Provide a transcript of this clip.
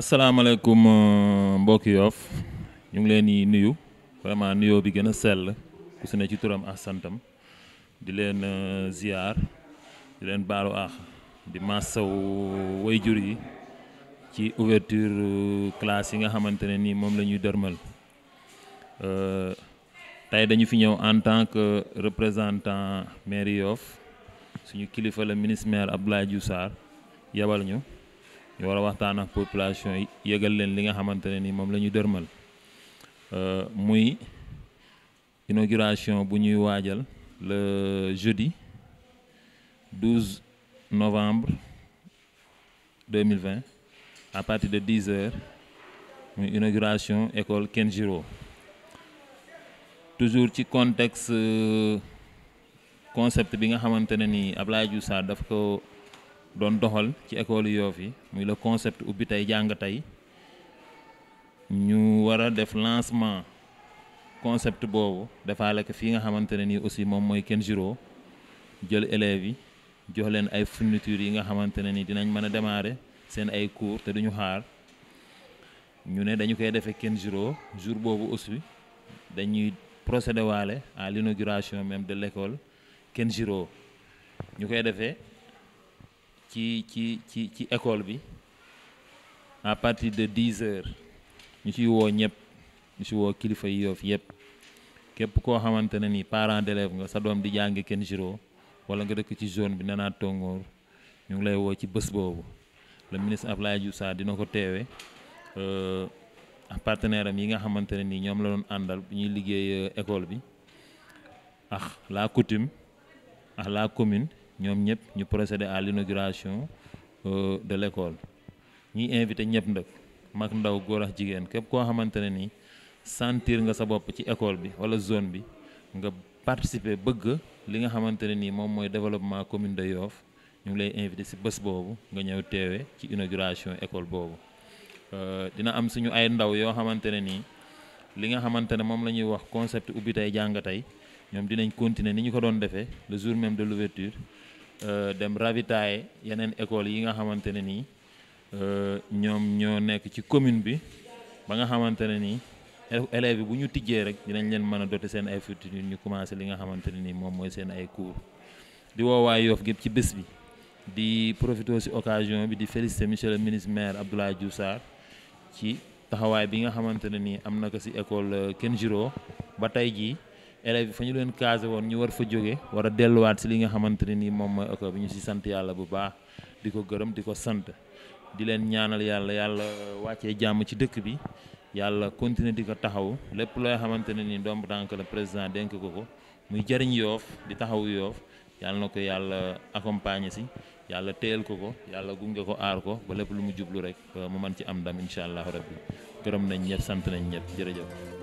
asalaamaaleykum euh, mbokki yoof ñu ngi leen di nuyu vraiment nuyoo bi gën a sell ku si ne ci turam ak santam di leen euh, ziar di leen baalu aax di massaw jur yi ci ouverture euh, classe yi nga xamante ne nii moom la ñuy dërmal tey dañu fi ñëw en tant que représentant mairie Yoff suñu kilifa la ministre maire Abdoulaye Diouf yabal ñu Je y a waxtaan population qui a leen li nga xamante ne ni moom la euh, muy le jeudi 12 novembre 2020 à partir de 10 heures l'inauguration inauguration l'école Kenjiro toujours dans le contexte euh, concept bi nga xamante Abdoulaye doon doxal ci école yoof yi muy le concept ubbi tey jàng tey ñu war a def lancement concept boobu defaale ko fii nga xamante ne nii aussi moom mooy kenn juro jël élèves yi jox leen ay fournitures yi nga xamante ne nii dinañ mën a démarrer seen ay cours te duñu xaar ñu ne dañu koy defee kenn juro jour boobu aussi dañuy procéder waale à l'inauguration même de l'école kenn juro ñu koy defee. ci ci ci ci école bi à partir de dix heures ñu ci woo ñëpp ñu ci woo kilifa yi yoof yëpp képp koo xamante ne ni parent d'élève nga sa doom di jàng kenn juro wala nga dëkk ci zone bi nenaa tongoor ñu ngi lay woo ci bës boobu le ministre Abdoulaye Diouf Sarr dina ko teewe ak euh, partenaire am yi nga xamante ne ni ñoom la doon àndal bu ñuy liggéey euh, école bi ah la coutume ah la commune ñoom ñëpp ñu procéder à l'inauguration euh, de l'école ñuy invité ñëpp nag mag ndaw góor ak jigéen képp koo xamante ne ni sentir nga sa bopp ci école bi wala zone bi nga participer bëgg li nga xamante ne nii moom mooy développement commune de yoof ñu ngi lay invité si bés boobu nga ñëw teewe ci inauguration école boobu euh, dina am suñu ay ndaw yoo xamante ne nii li nga xamante ne moom la ñuy wax concept ubbi tey jàng tey ñoom dinañ continuer ni ñu ko doon defee le jour même de l'ouverture Eh, dem ravitaay yenen école yi nga xamantene ni euh ñom ño nek ci commune bi ba nga xamantene ni élève élèves yi bu ñu tijjee rek dinañ leen mëna a seen ay futur ñu commencé li nga xamantene ni mom moy seen ay cours di woowaay yof gépp ci bés bi di profiter aussi occasion bi di féliciter monsieur le ministre maire Abdoulaye Diouf ci taxaway bi nga xamantene ni amna ko ci école eh, Kenjiro ba tay ji élèves yi fa ñu leen casé woon ñu war fa jóge war delluwaat si li nga xamante ne nii moom ma école bi ñu si sant yàlla bu baax di ko gërëm di ko sant di leen ñaanal yàlla yàlla wàccee jàmm ci dëkk bi yàlla continuer di ko taxaw lépp looy xamante ne nii doomu tànk la président dénk ko ko muy jëriñ yoof di taxaw yoof yàlla na ko yàlla accompagne si yàlla téyel ko ko yàlla gunge ko aar ko ba lépp lu mu jublu rek mu mën ci am ndam incha allah rabbi gërëm sant nañ ñëpp jërëjëf